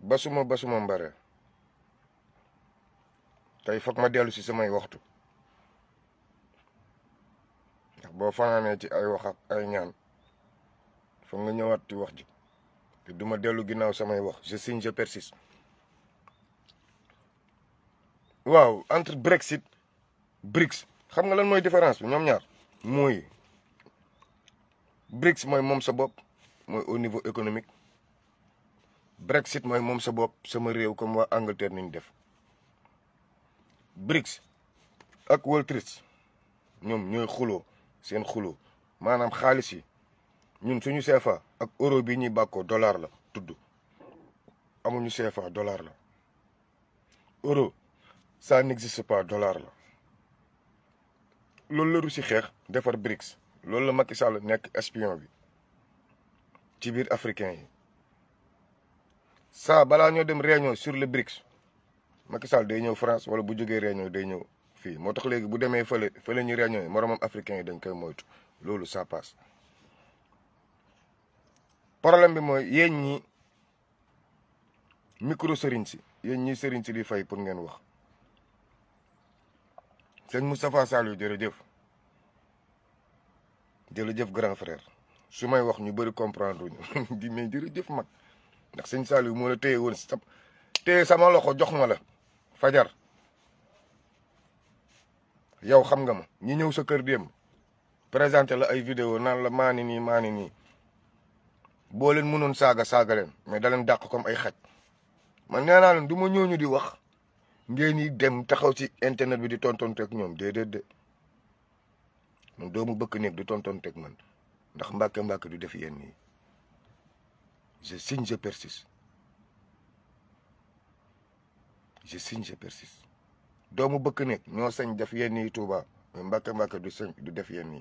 basuma basuma mbare tey foog ma dellu si samay waxtu ndax boo fanaanee ci ay wax ak ay ñaan foog nga ñëwaat ci wax ji te duma dellu ginnaaw samay wax je signe je persiste waaw entre Brexit BRICS xam nga lan mooy différence bi ñoom ñaar mooy BRICS mooy moom sa bopp mooy au niveau économique Brexit mooy moom sa bopp sama réew comme waa Angleterre ni ñu def BRICS ak World ñoom ñooy xuloo seen xuloo maanaam xaalis yi ñun suñu CFA ak euro bi ñuy bàkkoo dollar la tudd amuñu CFA dollar la euro ça n'existe pas dollar la loolu la Russie xeex defar BRICS loolu la makki Sall nekk espion bi ci biir africain yi saa balaa ñoo dem réunion sur le BRICS Macky Sall day ñëw France wala bu jógee réunion day ñëw fii moo tax léegi bu demee fële fële ñu réunion yi moromam africain yi dañ koy moytu loolu ça passe problème bi mooy yéen ñi micro sëriñ si yéen ñi sëriñ si di fay pour ngeen wax sëñ Moustapha Sall yu a jëf grand frère su may wax ñu bëri comprendre ñu di mais jërëjëf mag ndax sëñ Saliou moo la téye woon sa téye sama loxo jox ma la fajar yow xam nga ma ñi ñëw sa kër démb présenté la ay vidéo naan la maani nii maani nii boo leen mënoon saaga saaga leen mais daleen leen dàq comme ay xaj man nee naa leen du ma ñooñu di wax ngeen yi dem taxaw ci internet bi di tontonteeg ñoom déedéet de man doomu bëkk néeg di tontonteeg man ndax mbàkke mbàkke du def yenn yi je signe je persiste je signe je persiste doomu bëkk nekk ñoo sañ def yenn yi tuuba mais Mbàkke Mbàkke du sañ du def yenn yi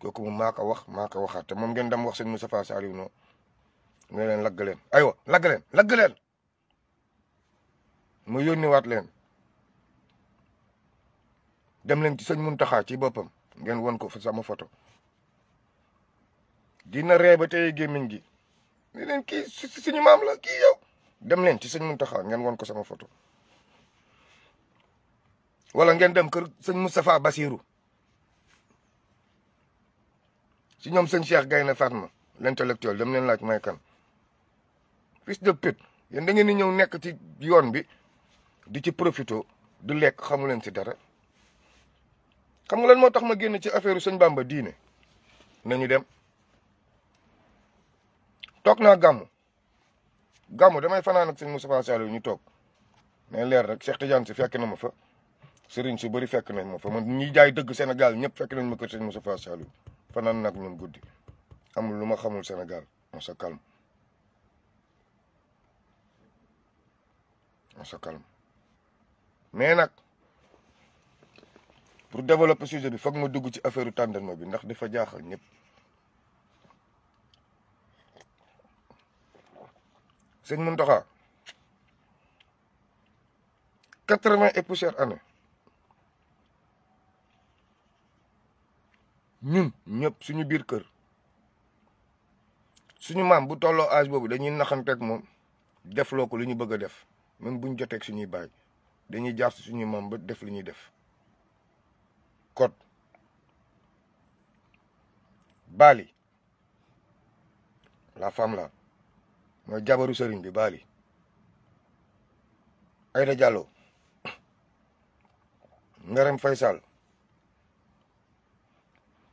kooku maa ko wax maa ko waxaat te moom ngeen dam wax sëñ Moustapha Saliou non mu ne leen lagg leen aywa lagg leen lagg leen mu yónniwaat leen dem leen ci sëñ Muntaxa ci boppam ngeen won ko fa sama photo dina ree ba te gémmiñ gi ne leen kii suñu maam la kii yow dem leen ci sëñ Mountakha ngeen won ko sama photo wala ngeen dem kër sëñ Moustapha Bassirou si ñoom sëñ Cheikh Gaynde Fatma l'intellectuel dem leen laaj may kan fils de pute yéen da ngeen di ñëw nekk ci yoon bi di ci profito du lekk xamu leen si dara xam nga lan moo tax ma génn ci affaire sëñ Bamba diine nañu dem toog naa gàmmu gàmmu damay fanaan ak sëñ Moustapha Saliou ñu toog mais leer rek Cheikh Tidiane si fekk na ma fa sëriñ su bari fekk nañ ma fa man ñi jaay dëgg Sénégal ñëpp fekk nañ ma kër sëñ Moustapha Saliou fanaan nag ñun guddi amul lu ma xamul senegal on se calme on mais nag pour développer sujet bi foog ma dugg ci affaire u tàndarma bi ndax dafa jaaxal ñëpp sëñ Mountakha quatre-vingt et poussière année ñun ñëpp suñu biir kër suñu maam bu tolloo âge boobu dañuy naxanteeg moom defloo ko li ñu bëgg a def même buñ joteeg suñuy baay dañuy jaar si suñuy maam ba def li ñuy def kot Bali la femme la mooy jabaru sëriñ bi baali Aïda Diallo Marème Faye Sall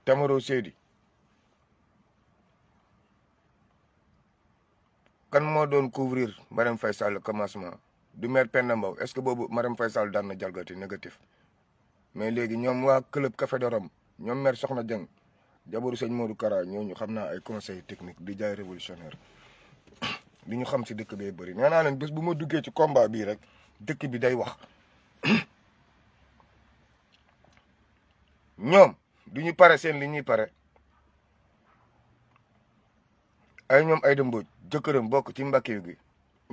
Tamaro Seydi kan moo doon couvrir Marème Faye Sall commencement du maire Penda Mbow est-ce que boobu Marème Faye Sall daan na jalgati négatif mais léegi ñoom waa club Café de Rome ñoom maire Soxna Dieng jabaru sëñ Modou Kara ñooñu xam naa ay conseil technique di jaay révolutionnaire li ñu xam si dëkk bee bari nee naa leen bés bu ma duggee ci combat bii rek dëkk bi day wax ñoom du ñu pare seen li ñuy pare ay ñoom ay dëmbooj jëkkëram bokk ci mbakkiw gi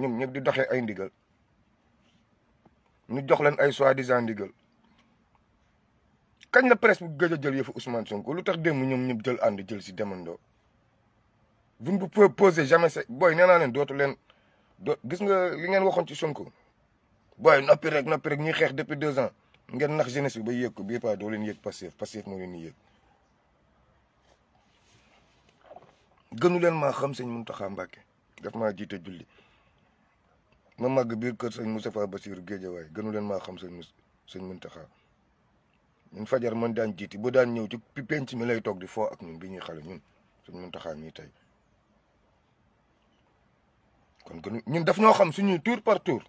ñoom ñëpp di doxee ay ndigal nu jox leen ay soi-disant ndigal kañ la presse bu gëj a jël yëfu Ousmane Sonko lu tax démb ñoom ñëpp jël ànd jël si demandoo vous ne pouvez poser jamais sa booy nee naa leen dootu leen doo gis nga li ngeen waxoon ci Sonko booy noppi rek noppi rek ñuy xeex depuis deux ans ngeen nax jeunesse bi ba yéeg ko bii paa doo leen yéeg passif passif moo leen di yéeg. gënu leen maa xam sëñ Mountakha Mbacké daf maa jiite julli ma màgg biir kër sëñ Moustapha Bassirou Guédiawaye gënu leen maa xam sëñ Mous sëñ Mountakha ñun fajar man daan jiiti bu daan ñëw ci penc mi lay toog di foo ak ñun bi ñuy xale ñun sëñ Mountakha ñuy tey. kon gënu ñun daf ñoo xam suñuy tour par tour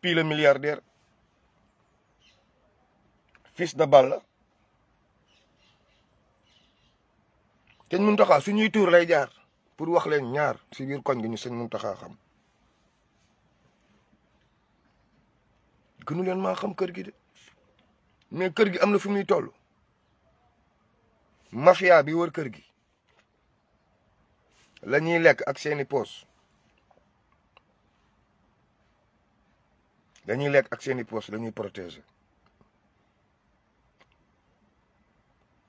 Pi le milliardaire fils de Balla sëñ Muntaxa suñuy tour lay jaar pour wax leen ñaar si biir koñ gi ñu sëñ Muntaxa xam gënu leen maa xam kër gi de mais kër gi am na fu muy toll mafia bi wër kër gi la ñuy lekk ak seeni poos dañuy lekk ak seeni poche dañuy protéger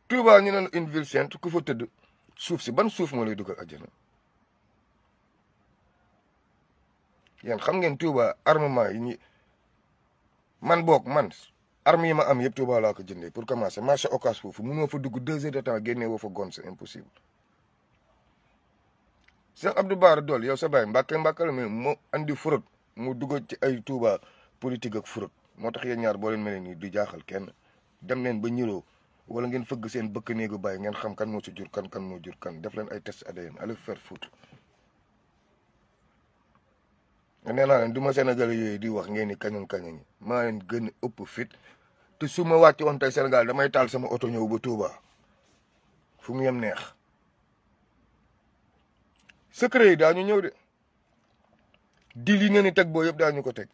Touba ñu ne une ville sainte ku fa tëdd suuf si ban suuf moo lay dugal àjjana yéen xam ngeen Touba armement yi ñi man boog man arme yi ma am yëpp Touba laa ko jëndee pour commencer marché occas foofu mënoo fa dugg deux heures de temps génnee woo fa gon c'est impossible Cheikh Abdou Bara Dool yow sa baay Mbàkke Mbàkke la mais moo andi forot mu dugg ci ay Touba politique ak furut moo tax yéen ñaar boo leen mel nii di jaaxal kenn dem leen ba ñiroo wala ngeen fëgg seen bëkk néegu bàyyi ngeen xam kan moo ci jur kan kan moo jur kan def leen ay test ADN allez faire foutre nee naa leen du ma Sénégalais yooyu di wax ngeen ni kañoon kañoon maa leen gën a ëpp fit te su ma wàcc woon tey Sénégal damay taal sama oto ñëw ba Touba fu mu yem neex secret yi daañu ñëw de dil yi ngeen di teg boo yëpp daañu ko teg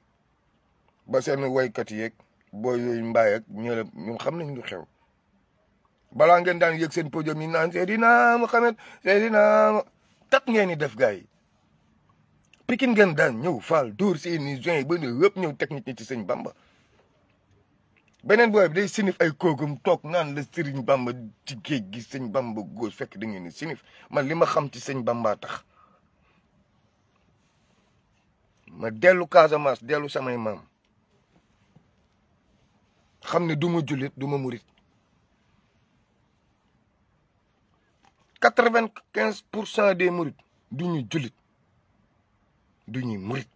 ba seen waykat yeeg boo yooyu mbaay ak ñële ñoom xam nañ lu xew balaa ngeen daan yeg seen podium yi naan Seydina Mohamed Seydina tak ngeen ni def gars yi Pikine ngeen daan ñëw faal dóor seeni juin yi ba ne yëpp ñëw technique ñi ci sëñ Bamba beneen booy bi day sinif ay koogum toog naan la sëriñ Bamba ci géej gi sëñ Bamba góos fekk da ngeen ni sinif man li ma xam ci sëñ Bamba tax ma dellu Casamance dellu samay mam xam ne du ma jullit du ma murit quatre-vingt-quinze pour cent des murit du ñu jullit du ñuy murit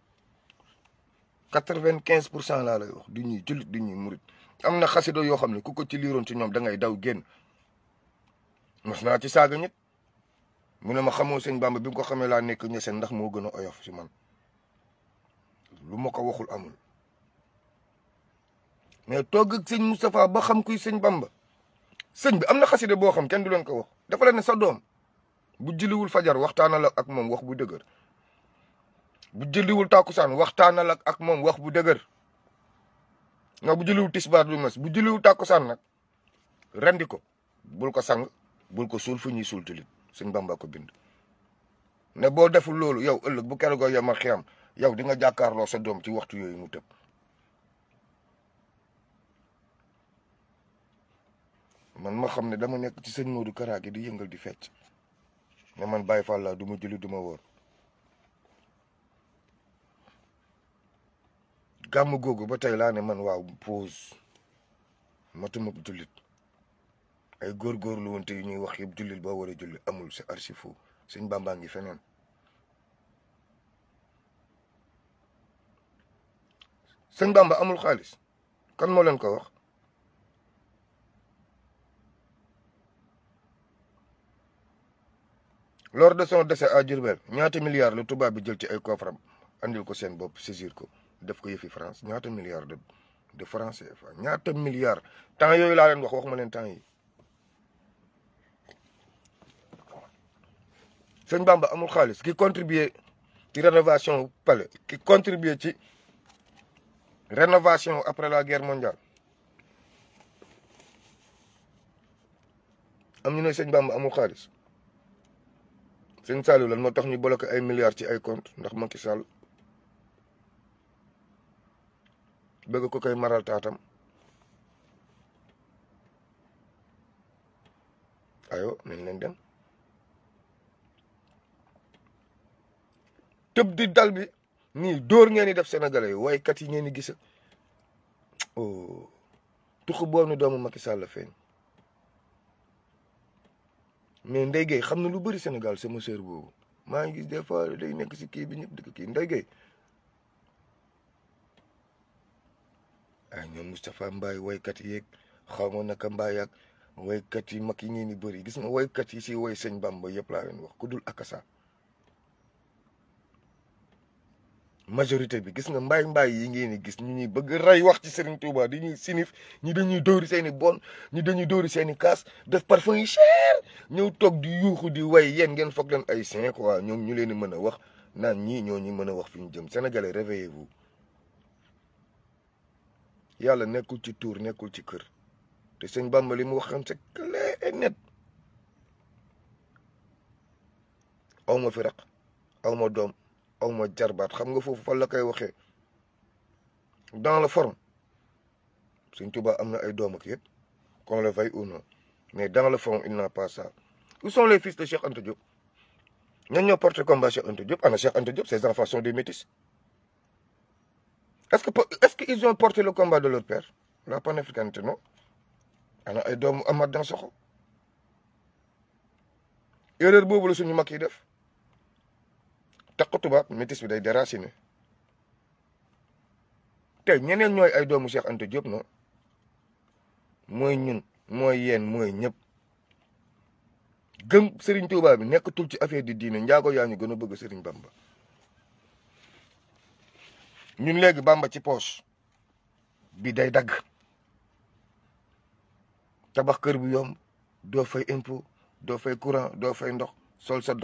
quatre-vingt-quinze pour cent laa lay du ñuy jullit du ñuy murit am na xasida yoo xam ne ku ko ci liiroon ci ñoom da ngay daw génn mos naa ci saaga ñit mu ne ma xamoo sëñ Bamba bi nga ko xamee laa nekk ñeseen ndax moo gën a oyof ci man lu ma ko waxul amul mais toog ak sëñ Moustapha ba xam kuy sëñ Bamba sëñ bi am na xaside boo xam kenn du leen ko wax dafa la ne sa doom bu jëliwul fajar waxtaanal ak moom wax bu dëgër bu jëliwul tàkkusaan waxtaanal ak moom wax bu dëgër nga bu jëliwul tisbaar du mas bu jëliwul tàkkusaan nag rendi ko bul ko sang bul ko suul fu ñuy suul tulit sëñ Bamba ko bind ne boo deful loolu yow ëllëg bu keroog yow ma xiyam yow di nga jàkkaarloo sa doom ci waxtu yooyu mu tëb man ma xam ne dama nekk ci sëñ Modou Kara gi di yëngal di fecc ne man Baye Fall laa du ma julli du ma wóor gàmm googu ba tey laa ne man waaw pause matuma jullit ay góorgóorlu wante yu ñuy wax yëpp jullit boo war a julli amul si archifu sëñ Bàmbaa ngi feneen sëñ amul xaalis kan moo leen ko wax lors de son décès à Diourbel ñaata milliards la tubaab bi jël ci ay coffram andil ko seen bopp saisir ko def ko yëfi France ñaata milliards de de francs CFA ñaata milliards temps yooyu laa leen wax waxuma leen temps yi sëñ Bamba amul xaalis ki contribuer ci rénovation palais ki contribuer ci rénovation après la guerre mondiale am ñu ne sëñ Bamba amul xaalis sëñ Saliou lan moo tax ñu bloqué ay milliards ci ay compte ndax Macky Sall bëgg ko koy maral taatam ayo nañ leen dem tëb di dal bi nii dóor ngeen di def sénégalais yi waykat yi ngeen di gis oh tuxu boobu doomu Macky Sall la feeñ mais Ndeye Gueye xam na lu bari Sénégal sama sœur boobu maa ngi gis des fois day nekk si kii bi ñëpp dëkk kii Ndeye a ah, ñoom Moustapha Mbaye waykat yeeg xaw ma naka Mbaye ak kat yi mag yi ngeen di bëri gis nga waykat yi si way sëñ Bamba yëpp laa leen wax ku dul akasa majorité bi gis nga mbaay mbaay yi ngeen di gis ñu ñuy bëgg rey wax ci Serigne Touba di ñuy sinif ñi dañuy dóori seen i bon ñi dañuy dóori seen i kaas def parfum yi cher ñëw toog di yuuxu di way yéen ngeen foog leen ay saint quoi ñoom ñu leen di mën a wax naan ñii ñoo ñu mën a wax fi ñu jëm sénégalais réveillez-vous yàlla nekkul ci tuur nekkul ci kër te sëñ Bamba li mu wax xam c'est clair et fi raq aw ma doom aw ma jarbaat xam nga foofu fan la koy waxee dans la forme Sëñ Tuubaa am na ay doomu ak yëpp qu'on le veuille ou non mais dans la forme il n'a pas ça son sont les fils de Cheikh Anta Diop ñan ñoo porté combat Cheikh Anta Diop ana Cheikh Anta Diop ses enfants sont des métis est-ce que est-ce qu'ils ont porté le combat de leur père la panafricanité non ana ay doomu Amath Dansokho erreur boobu la suñu mag yi def takku tubaab métis bi day déraciné te ñeneen ñooy ay doomu Cheikh Anta Diop no mooy ñun mooy yéen mooy ñëpp gëm Serigne Touba bi nekkatul ci affaire di diine njaago yaa ñu gën a bëgg Serigne Bamba ñun léegi Bamba ci poche bi day dagg tabax kër bu yom doo fay impôt doo fay courant doo fay ndox sol sa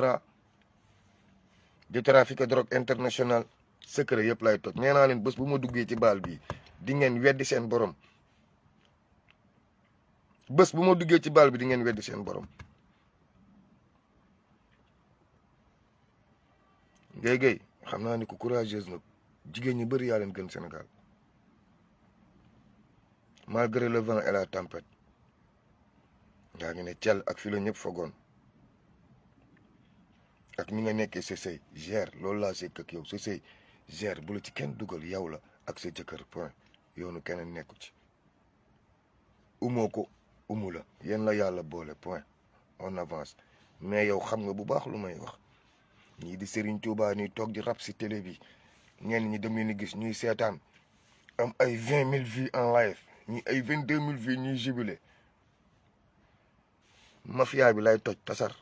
di trafiquer drogue international secret yëpp lay toj nee naa leen bés bu ma duggee ci baal bi di ngeen weddi seen borom bés bu ma duggee ci baal bi di ngeen weddi seen borom. Guèye Guèye xam naa ni ku courageuse nag jigéen ñi bëri yaa leen gën senegal malgré le vent et la tempête. ngaa ngi ne cel ak fi la ñëpp fogoon. ak ni nga nekkee sa sëy gère loolu laa sekk ak yow sa sëy gère ci kenn dugal yow la ak sa jëkkër point yoonu keneen nekku ci umoo ko umu la yéen la yàlla boole point on avance mais yow xam nga bu baax lu may wax ñii di Serigne Touba ñuy toog di rab si télé bi ñenn ñi dem ni gis ñuy seetaan am ay vingt mille vues en live ñi ay vingt deux mille vues ñuy jubilé mafia bi lay toj tasar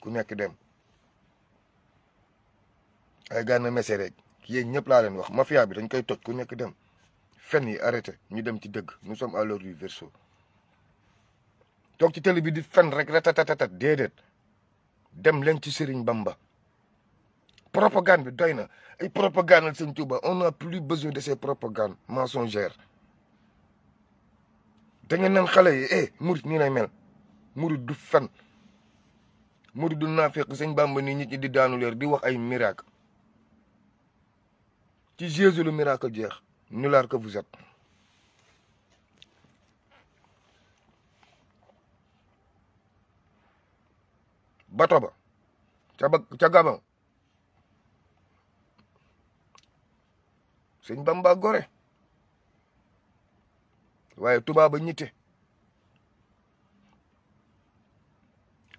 ku nekk dem. ay gànn mese rek yéen ñëpp laa leen wax mafia bi dañ koy toj ku nekk dem fen yi arrêté ñu dem ci dëgg nous sommes à l'heure du verseau toog ci télé bi di fen rek ratatatatat déedéet dem leen ci Serigne Bamba propagande bi doy na ay propagande Serigne Touba on a plus besoin de ces propagandes mensongères da ngeen naan xale mu eh murit nii lay mel murit du fen murit du naafeq Serigne Bamba nii nit ñi di daanu leer di wax ay miracle ci Jésus le miracle jeex ñu laar que vous êtes bato ba ca ba ca Gabon sëñ Bamba gore waaye tubaaba ñitte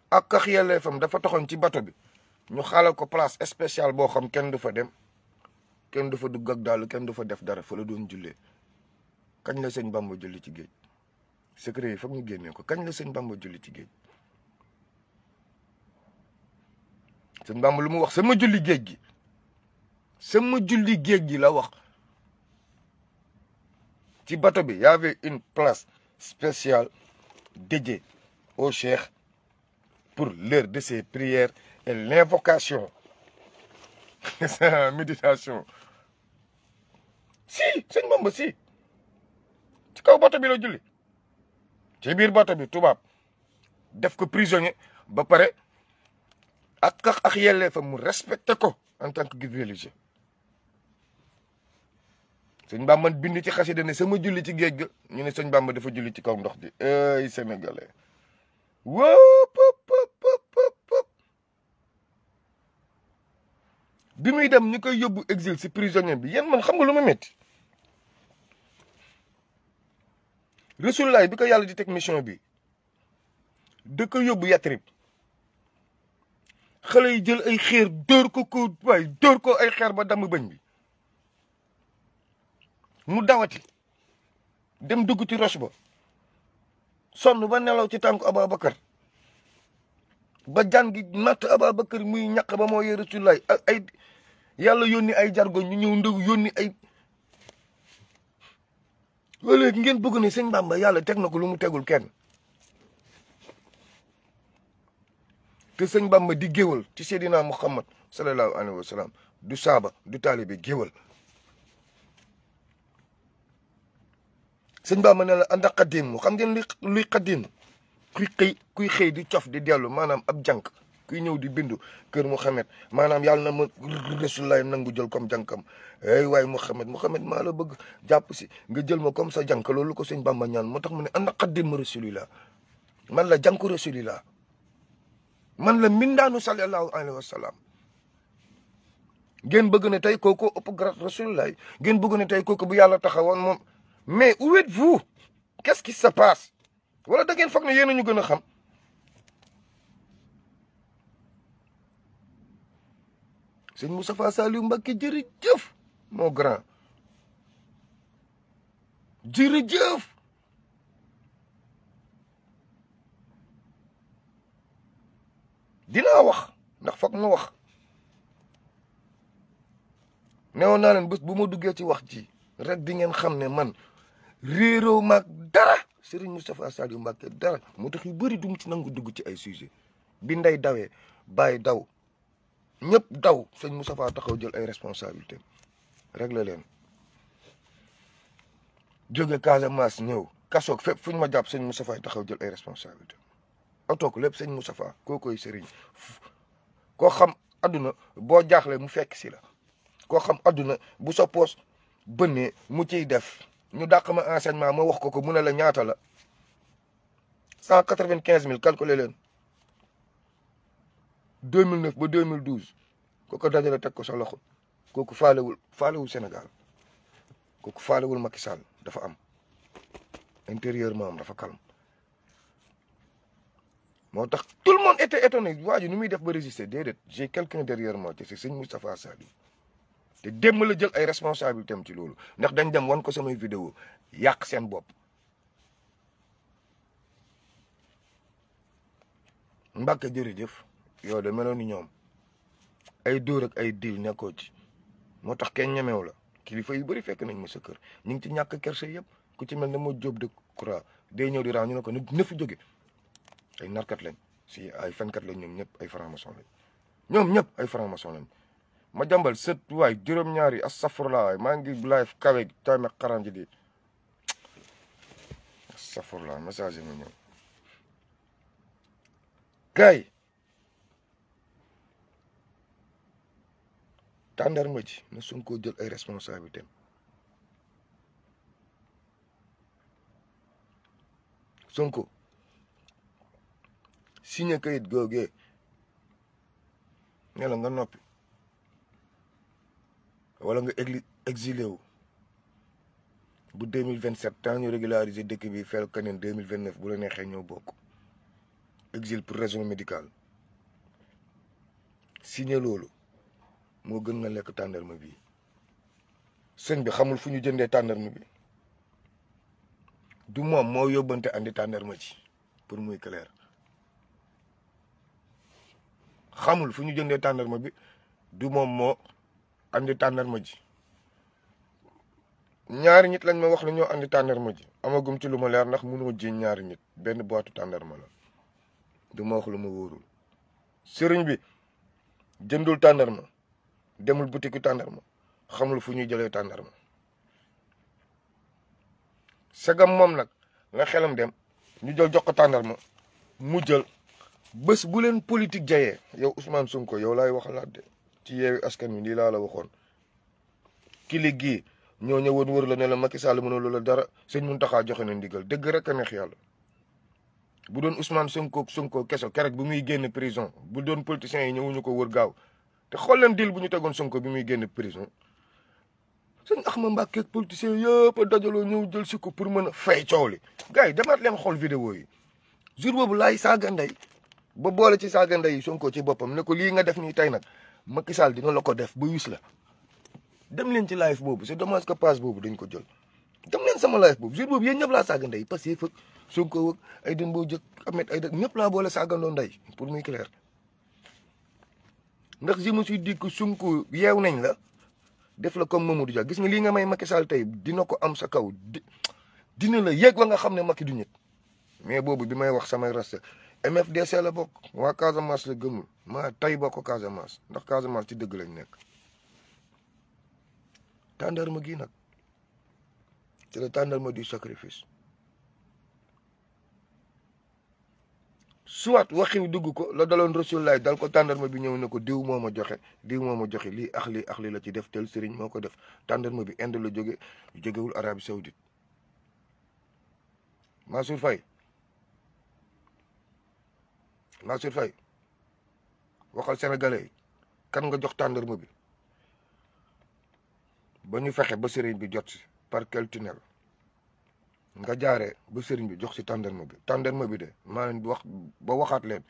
ak kax yelleefam dafa toxoon ci bato bi ñu xaalal ko place spéciale boo xam kenn du fa dem kenn du fa dugg ak daal kenn du fa def dara fa la doon jullee kañ la sëñ Bamba julli ci géej secret yi foog ñu génnee ko kañ la sëñ Bamba julli ci géej sëñ Bamba lu mu wax sama julli géej gi sama julli géej gi la wax ci bato bi y avait une place spéciale dédiée au cheikh pour l'heure de ses prières et l'invocation. C'est une méditation. si sëñ Bamba si ci kaw bato bi la julli ci biir bato bi tubaab def ko prisonnier ba pare ak ak ak yellee fa mu respecté ko en tant que guide religieux sëñ Bamba bind ci xasida ne sama julli ci géej ga ñu sëñ Bamba dafa julli ci kaw ndox bi ay sénégalais woo pop pop pop bi muy dem ñu koy yóbbu exil si prisonnier bi yéen man xam nga lu ma métti Rasulullah bi ko yàlla di teg mission bi dëkk yóbbu Yatrib xale yi jël ay xeer dóor ko ko waay dóor ko ay xeer ba damm bañ bi mu dawati dem dugg ci roche ba sonn ba nelaw ci tànku Ababakar ba jaan natt matt muy ñaq ba moo yee Rasulullah ak ay yàlla yónni ay jargo ñu ñëw ndëg yónni ay loolu léegi ngeen bëgg ni sëñ Bamba yàlla teg na ko lu mu tegul kenn te sëñ Bamba di géwal ci Seydina Muhammad sallallahu alayhi wa du saaba du taalibe géwal sëñ Bamba ne la ànd ak xaddiim xam ngeen luy luy xaddiim kuy xëy kuy xëy di cof di dellu maanaam ab jànk ku ñëw di bindu kër Mouhamed maanaam yàlla na ma Rasulullah nangu jël comme jànkam ay waay Mouhamed Mouhamed ma la bëgg jàpp si nga jël ma comme sa jànk loolu ko sëñ Bamba ñaan moo tax mu ne ana xaddim Rasulillah man la jànku man la mindaanu sallallahu alayhi wa sallam bëgg ne tey kooku ëpp grâce Rasulullah bëgg ne tey koko bu yàlla taxawoon moom mais où êtes-vous qu'est-ce qui se passe wala da ngeen ne yéen a ñu gën a xam sëñ Moustapha Saliou Mbacké jërëjëf mon grand jërëjëf dinaa wax ndax foog ma wax newoon naa leen bés bu ma duggee ci wax ji rek di ngeen xam ne man réeroo maag dara Serigne Moustapha Saliou Mbacké dara moo tax yu bëri dum ci nangu dugg ci ay sujet bi nday dawee bàyyi daw ñëpp daw sëñ Moustapha taxaw jël ay responsabilité réglé leen jóge Casamance ñëw kasoog fépp fu ñu ma jàpp sëñ ay taxaw jël ay responsabilité otoog lépp sëñ Moustapha koo koy sëriñ koo xam adduna boo jaaxle mu fekk si la koo xam adduna bu sa poos bënnee mu ciy def ñu dàq ma enseignement ma wax ko ko mu ne la ñaata la cent quatre-vingt-quinze mille calculer leen 2009 ba 2012 kooku dajale teg ko sa loxo kooku faalewul faalewul Sénégal kooku faalewul Macky Sall dafa am intérieurement am dafa calme moo tax tout le monde était étonné waa ji nu muy def ba résister déedéet j'ai quelqu'un derrière moi te si sëñ Moustapha Sall te démb la jël ay responsabilités am ci loolu ndax dañ dem wan ko samay vidéo yàq seen bopp Mbacke jërëjëf yow de meloon ni ñoom ay dóor ak ay diil nekkoo ci moo tax kenn ñemew la kilifa yu bëri fekk nañ ma sa kër ñu ngi ci ñàkk kerse yëpp ku ci mel ne moo Jóob de Kura de ñëw di raax ñu ne ko na joge jóge ay narkat si ay fenkat lañ ñoom ñëpp ay franc-maçon ñoom ñëpp ay franc-maçon ma jàmbal sët waay juróom ñaari yi astafurlaa waay maa ngi live kawe taame xaram ji di astafurlaa message yi tàndarma ji na Sonko jël ay responsabilités Sonko signé kayit googee ne la nga noppi wala nga egli exilé wu bu deux mille vingt sept temps ñu régulariser dëkk bi fel kaneen deux mille vingt neuf bu la neexee ñëw bokk exil pour raison médical signé loolu moo gën nga lekk tàndarma bi sëñ bi xamul fu ñu jëndee tàndarma bi du moom moo yóbbante andi tàndarma ci pour muy clair xamul fu ñu jëndee tàndarma bi du moom moo andi tàndarma ji ñaari nit lañ ma wax ne ñoo andi tàndarma ji amagum ci lu ma leer ndax mënoo ji ñaari nit benn boitu tàndarma la du ma wax lu ma wóorul sëriñ bi jëndul tàndarma demul boutique tàndarma xamul fu ñuy jëlee tàndarma sagam moom nag la xelam dem ñu jël jox ko tàndarma mu jël bés bu leen politique jayee yow Ousmane Sonko yow laay waxalaat de ci yeewi askan wi lii laa la waxoon kili gii ñoo ñëwoon wër la ne la Macky Sall mënul la dara sëñ Mountakha joxe na ndigal dëgg rek a neex yàlla bu doon Ousmane Sonko Sonko keso keroog bu muy génn prison bu doon politiciens yi ñëwuñu ko wër gaaw te xool leen dil bu ñu tegoon Sonko bi muy génn prison sëñ Axma Mbàkke politiciens yëpp a dajaloo ñëw jël si ko pour mën a fay coow li gars yi demaat leen xool vidéo yi jour boobu laay saaga ndey ba boole ci saaga ndey Sonko ci boppam ne ko lii nga def nii tey nag Macky Sall dina la ko def ba wis la dem leen ci live boobu c'est dommage que passe boobu dañ ko jol dem sama live boobu jour boobu yéen ñëpp laa saaga ndey parce que fëg Sonko ay den boo jëkk amet ay dëkk ñëpp laa boole saagandoo ndey pour muy clair ndax je mu suis dit que Sonko yeew nañ la def la comme Mamadou Dia gis nga lii nga may Macky Sall tey dina ko am sa kaw dina la yéeg ba nga xam ne Macky du nit mais boobu bi may wax samay rasta MFDC la bokk waa Casamance la gëmul ma tay bokk Casamance ndax Casamance ci dëgg lañ nekk tàndarma gi nag c'est le tàndarma du sacrifice soit waxiw dugg ko la daloon rasulullaay dal ko tàndarma bi ñëw na ko diw moo ma joxe diw moo ma joxe lii ax lii ax lii la ci def tel sëriñ moo ko def tàndarma bi Inde la jóge jógewul Arabie Saoudite fay Faye Mansour fay waxal sénégalais kan nga jox tàndarma bi ba ñu fexe ba sëriñ bi jot par quel nga jaare ba sëriñ bi jox si tàndarma bi tàndarma bi de maa leen wax ba waxaat leen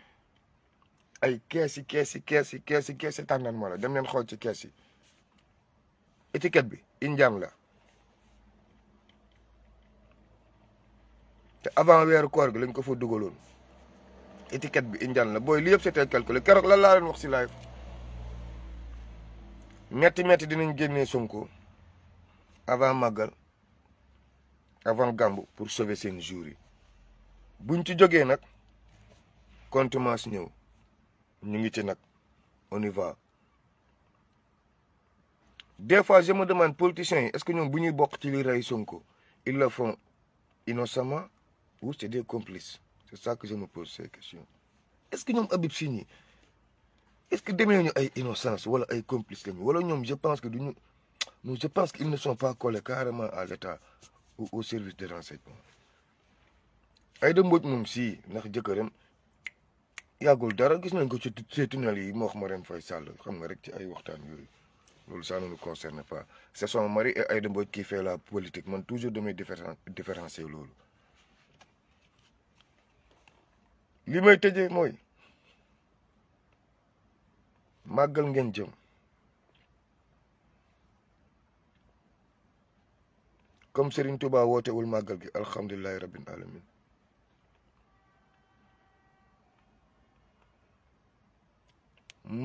ay kees yi kees yi kees yi kees yi kees yi tàndarma la dem leen xool ci keesi yi bi injaam la te avant weeru koor gi lañ ko foo dugaloon étiquette bi indian la booy li yëpp c'était calculé keroog lan laa leen wax si live metti metti dinañ génnee Sonko avant màggal avant gàmbu pour sauver seen jour bu ñu ci jogee nag contumace ñëw ñu ngi ci nag on y va des fois je me demande politiciens yi est-ce que ñoom bu ñuy bokk ci li rey Sonko ils le font innocemment ou c'est des complices c'est ça que je me pose ces questions est-ce que ñoom Habib Sy ñi es ce que demee ñu ay innocence wala ay complices lañu wala ñoom je que du ñu je pense qu'ils ne sont pas collés carrément à l'état ou au service de renseignement Aïda Mbodj moom sii ndax jëkkëram yàggul dara gis nañ ko ci tunnel yi moo xam Marème Faye Sall xam nga rek ci ay waxtaan yooyu loolu ça ne fa concerne pas c'est son mari et Aïda Mbodj qui fait la politique man toujours damay différen différencier loolu li may tëjee mooy màggal ngeen jëm comme Serigne Touba wootewul màggal gi alhamdulilahi rabbil alamin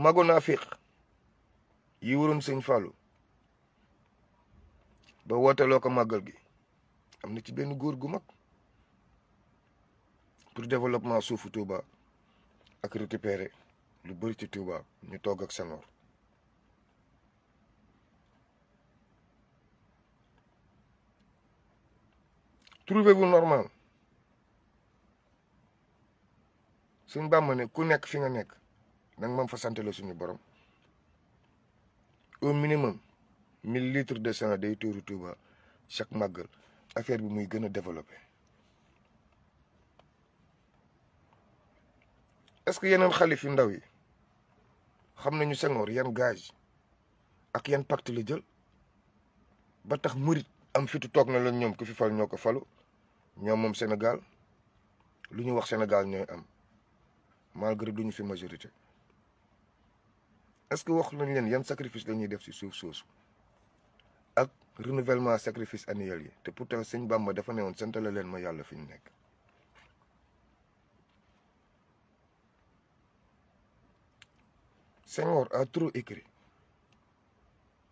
magu naafiq yi wuroon seen Fallou ba wooteloo ko màggal gi am na ci benn góor gu mag pour développement suufu Touba ak récupérer lu bëri tuuba ñu toog ak Senghor trouvez-vous normal suñ bàmba ne ku nekk fi nga nekk nag moom fa sant la suñu borom au minimum mille litres de sang day tour Touba chaque màggal affaire bi muy gën a développé est-ce que yeneen xalif yu ndaw yi xam nañu Senghor yan gage ak yan pacte la jël ba tax am fitu toog na leen ñoom ku fi fal ñoo ko falu ñoom moom Sénégal lu ñu wax Sénégal ñooy am malgré ñu fi majorité est-ce que wax nañ leen yan sacrifice la ñuy def si suuf soosu ak renouvellement sacrifice annuel yi te pourtant sëñ Bamba dafa ne woon santale leen ma yàlla fi ñu nekk Senghor a trop écrit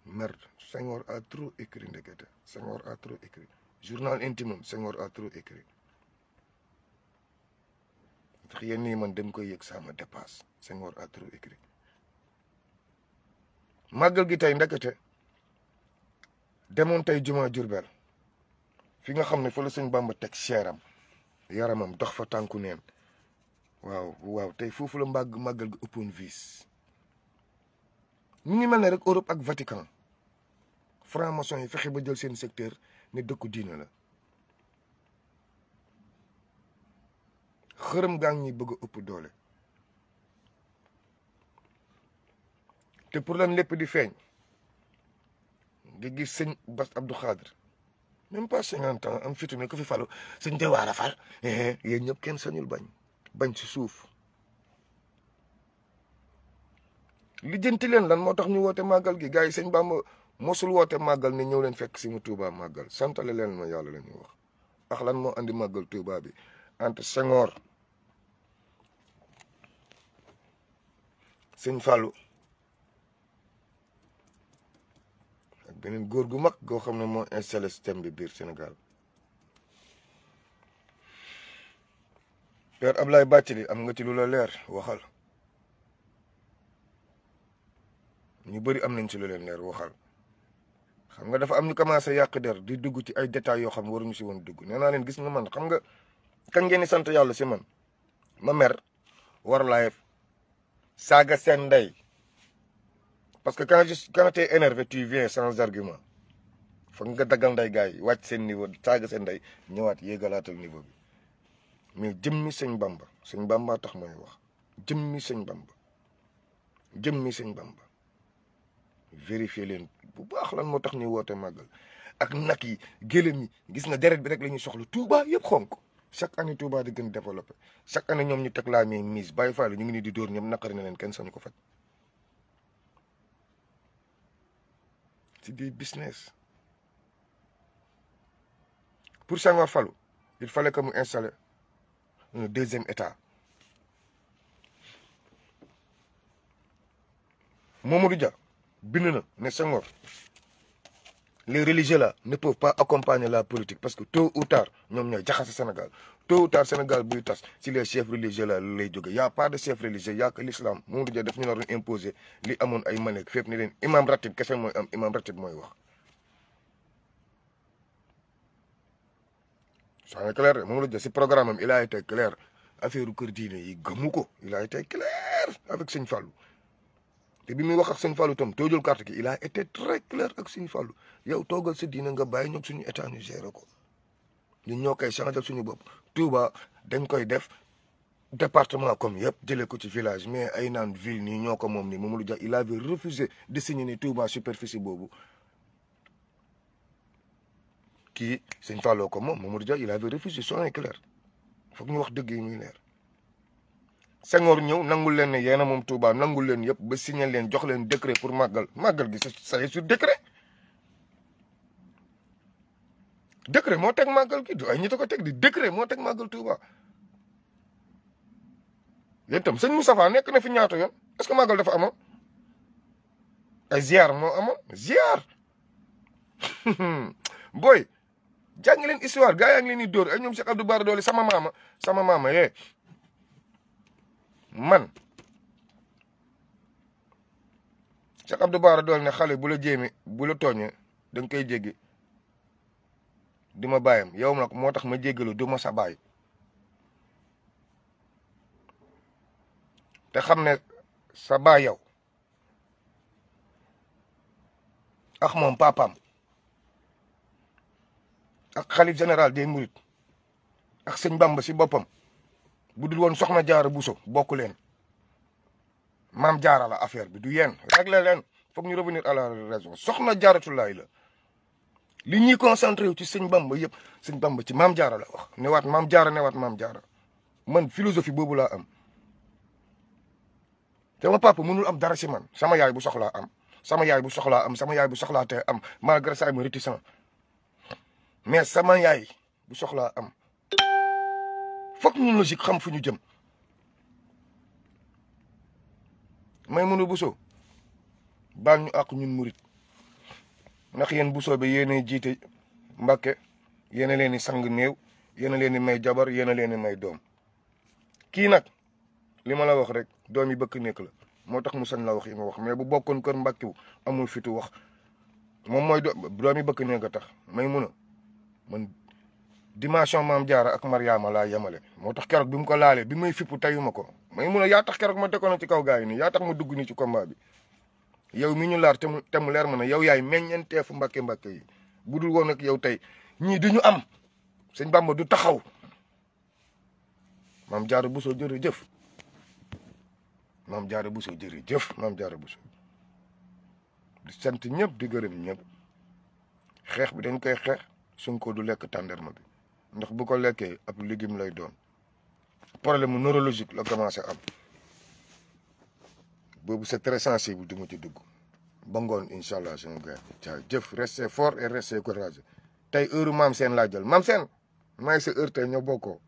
merde Senghor a trop écrit ndekete Senghor a trop écrit journal intime am Senghor a trop écrit ndax yenn yi man dem ko yëg sama dépasse Senghor a trop écrit màggal gi tey ndekete demoon tey juma Jurbel fi nga xam ne fa la sëñ Bàmba teg seeram yaramam dox fa tànku neen waaw waaw tey foofu la mbàgg màggal gi ëppoon viis mu ngi mel ne rek Europe ak Vatican franc-maçon yi fexe ba jël seen secteur ne dëkku diine la xërëm gaa ngi bëgg a ëpp doole te pour lan lépp di feeñ nga gis sëñ bas Abdou Khadre même pas cinquante ans am fitu ne ko fi falu sëñ te waar a fal eh, eh, yéen ñëpp kenn sañul bañ bañ si suuf lijjanti leen lan moo tax ñu woote màggal gi gars yi sëñ Bamba mosul woote màggal ne ñëw leen fekk si mu Touba màggal santale leen ma yàlla la ñuy wax ndax lan moo andi màggal Touba bi entre Senghor sëñ Fallou ak beneen góor gu mag goo xam ne moo installé système bi biir Sénégal Père Ablaye Bathily am nga ci lu la leer waxal ñu bëri am nañ ci lu leen leer waxal xam nga dafa am ñu commencé yàq der di dugg ci ay détails yoo xam waruñu si woon dugg nee naa leen gis nga man xam nga kan ngeen di sant yàlla si man ma mer war live saaga seen ndey parce que quand je quand t'es énervé tu viens argument foog nga daggal ndey gars yi wàcc seen niveau saaga seen ndey ñëwaat yéegalaatal niveau bi mais jëmmi sëñ Bamba sëñ Bamba tax may wax jëmmi sëñ Bamba jëmmi sëñ Bamba vérifier leen bu baax lan moo tax ñuy woote màggal ak nag yi gëlëm yi gis nga deret bi rek la ñuy soxla Touba yëpp xonk chaque année Touba di gën développé chaque année ñoom ñu teg laa mi mise bàyyi faalu ñu ngi nii di dóor ñoom naqari na leen kenn sañu ko faj ci des business pour Senghor falu il fallait que mu installé un deuxième état Mamadou Dia bind na ne Senghor les religieux là ne peuvent pas accompagner la politique parce que tôt ou tard ñoom ñooy jaxase Sénégal tôt ou tard Sénégal buy tas si les chefs religieux là lay jóge y' a pas de chef religieux y' a que l'islam moom du def ñu naroon imposer li amoon ay manek fépp ne leen imam ratib kese mooy am imam ratib mooy wax. ça est clair moom la jël si programme am il a été clair affaire kër yi gëmu ko il a été avec Sëñ Fallou. te bi muy wax ak sëñ Fallou itam too jël carte gi il a été très clair ak sëñ Fallou yow toogal sa diina nga bàyyi ñoom suñu état ñu géré ko ñun ñoo koy changé suñu bopp. Touba dañ koy def département comme yëpp jëlee ko ci village mais ay naan ville nii ñoo ko moom nii Mamadou Dia il avait refusé de signer ni Touba superficie boobu kii sëñ Fallou ko moom Mamadou Dia il avait refusé soin clair foog ñu wax dëgg yi muy Senghor ñëw nangul leen ne yéen a moom Touba nangul leen yëpp ba signé leen jox leen décret pour màggal màggal gi c'est sur décret. décret moo teg màggal gi du ay ñi ta ko teg di décret moo teg màggal Touba yéen itam sëñ nekk na fi ñaata yoon est dafa amoon ay moo amoon ziar booy jàngi leen histoire gaa yaa ngi leen di dóor ay ñoom Cheikh Abdou Bara Dolly sama maama sama maama yee eh. man Cheikh Abdou Bara dool ne xale bu la jéemi bu la tooñee da nga koy jéggi di ma bàyyam yow nag moo tax ma jéggalu du ma sa bàyyi te xam ne sa baay yow ak moom papaam ak xalif général des mourides ak sëñ Bamba si boppam bu dul woon soxna jaara Bousso bokk leen maam jaara la affaire bi du yéen réglé leen foog ñu revenir à la raison soxna jaaratulaay la li ñuy concentré wu ci sëñ bamba yëpp sëñ bamba ci maam jaara la wax newaat maam jaara maam jaara man philosophie boobu laa am sama papa mënul am dara si man sama yaay bu soxlaa am sama yaay bu soxlaa am sama yaay bu soxlaa te am malgré ça ma réticent mais sama yaay bu soxlaa am foog ñu logique xam fu ñu jëm may mënu buso baal ñu àq ñun murit ndax yéen busoo bi yéenay jiite mbàkke yéena leen di sang néew yéena leen di may jabar yéena leen di may doom kii nag li ma la wax rek doom yi bëkk nekk la moo tax mu sañ la wax yi ma wax mais bu bokkoon kër mbàkke wu amul fitu wax moom mooy doom yi bëkk nekk a tax may mun man dimension maam jaara ak Mariama laa yemale moo tax keroog bi mu ko laalee bi may fippu tayuma ko may mun a yaa tax keroog ma dekkoon ci kaw gars yi nii yaa tax ma dugg nii ci combat bi yow mi ñu laar te mu te mu leer ma ne yow yaay meññeenteefu mbàkke mbàkke yi bu dul woon ak yow tey ñii du ñu am sëñ Bàmba du taxaw maam jaara Buso jërëjëf maam jaara Buso jërëjëf maam jaara Buso di sant ñëpp di gërëm ñëpp xeex bi dañ koy xeex Sonko du lekk tàndarma bi ndax bu ko lekkee ab légume lay doon problème mu neurologique la commencé am boobu c'est très sensible du ma ci dugg ba ngoon incha allah suñu gars yi jëf restez fort et restez courageux tey heure maam seen laa jël maam seen maa ngi sa heure tey ñoo bokkoo